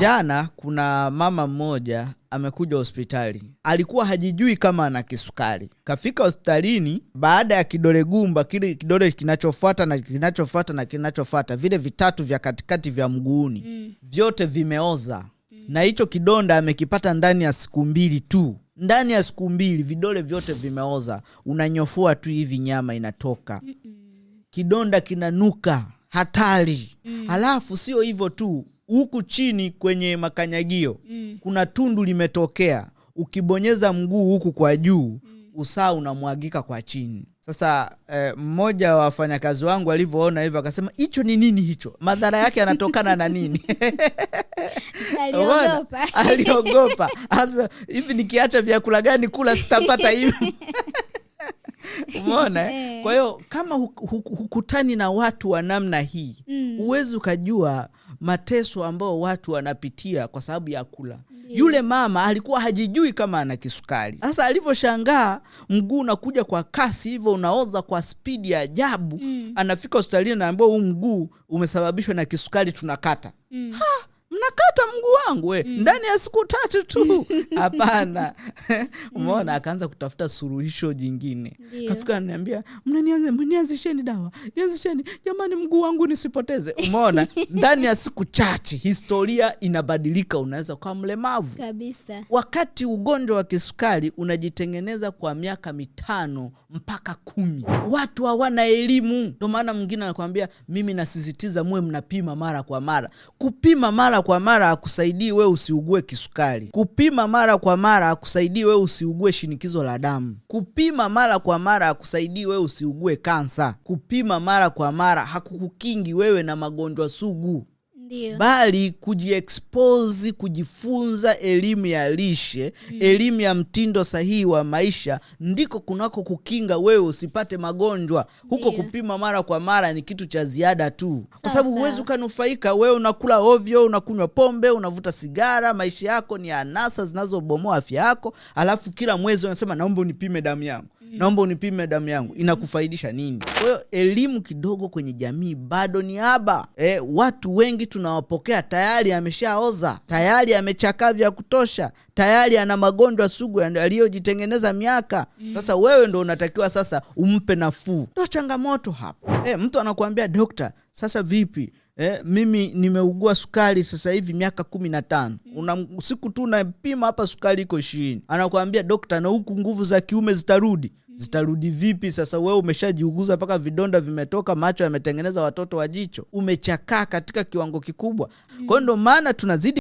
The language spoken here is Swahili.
Jana kuna mama mmoja amekuja hospitali, alikuwa hajijui kama ana kisukari. Kafika hospitalini, baada ya kidole gumba, kile kidole kinachofuata na kinachofuata na kinachofuata, vile vitatu vya katikati vya mguuni mm. vyote vimeoza mm. na hicho kidonda amekipata ndani ya siku mbili tu ndani ya siku mbili vidole vyote vimeoza, unanyofua tu hivi nyama inatoka. Mm -mm. Kidonda kinanuka hatari. Mm. Halafu sio hivyo tu, huku chini kwenye makanyagio mm. kuna tundu limetokea, ukibonyeza mguu huku kwa juu mm. usaa unamwagika kwa chini. Sasa eh, mmoja wa wafanyakazi wangu alivyoona hivyo akasema, hicho ni nini hicho? Madhara yake yanatokana na nini? Aliogopa hivi, nikiacha vyakula gani kula sitapata hivi Umeona? Eh? Eh. Kwa hiyo kama hukutani na watu wa namna hii, mm. huwezi mm. ukajua mateso ambao watu wanapitia kwa sababu ya kula yeah. Yule mama alikuwa hajijui kama ana kisukari. Sasa alivyoshangaa mguu unakuja kwa kasi hivyo, unaoza kwa spidi ya ajabu mm. Anafika hospitalini, naambia huu mguu umesababishwa na kisukari, tunakata mm mnakata mguu wangu we mm. ndani ya siku tatu tu hapana. Umeona, mm. akaanza kutafuta suruhisho jingine yeah. Kafika naniambia mnanianzisheni dawa, nianzisheni jamani, mguu wangu nisipoteze. Umeona, ndani ya siku chache historia inabadilika, unaweza kuwa mlemavu kabisa. Wakati ugonjwa wa kisukari unajitengeneza kwa miaka mitano mpaka kumi, watu hawana elimu. Ndio maana mwingine anakuambia, mimi nasisitiza muwe mnapima mara kwa mara. Kupima mara kwa kwa mara hakusaidii wewe usiugue kisukari. Kupima mara kwa mara hakusaidii wewe usiugue shinikizo la damu. Kupima mara kwa mara hakusaidii wewe usiugue kansa. Kupima mara kwa mara hakukukingi wewe na magonjwa sugu. Ndiyo. bali kujiexpose, kujifunza elimu ya lishe mm. elimu ya mtindo sahihi wa maisha ndiko kunako kukinga wewe usipate magonjwa huko. Ndiyo. kupima mara kwa mara ni kitu cha ziada tu, kwa sababu huwezi ukanufaika. Wewe unakula ovyo, unakunywa pombe, unavuta sigara, maisha yako ni anasa zinazobomoa afya yako, alafu kila mwezi unasema naomba unipime damu yangu naomba unipime damu yangu, inakufaidisha nini? Kwa hiyo elimu kidogo kwenye jamii bado ni haba e, watu wengi tunawapokea tayari ameshaoza, tayari amechakaa vya kutosha, tayari ana magonjwa sugu aliyojitengeneza miaka sasa. Wewe ndo unatakiwa sasa umpe nafuu, ndo changamoto hapa. E, mtu anakuambia dokta, sasa vipi e, mimi nimeugua sukari sasa hivi miaka kumi na tano una siku tu napima hapa sukari iko ishirini. Anakuambia dokta, na huku nguvu za kiume zitarudi zitarudi vipi? Sasa wewe umeshajiuguza mpaka vidonda vimetoka, macho yametengeneza watoto wa jicho, umechakaa katika kiwango kikubwa. Kwa hiyo ndo maana tunazidi